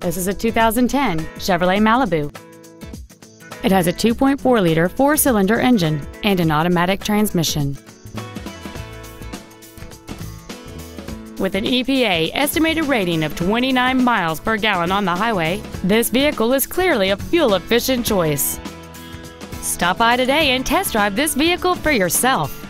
This is a 2010 Chevrolet Malibu. It has a 2.4-liter four-cylinder engine and an automatic transmission. With an EPA estimated rating of 29 miles per gallon on the highway, this vehicle is clearly a fuel-efficient choice. Stop by today and test drive this vehicle for yourself.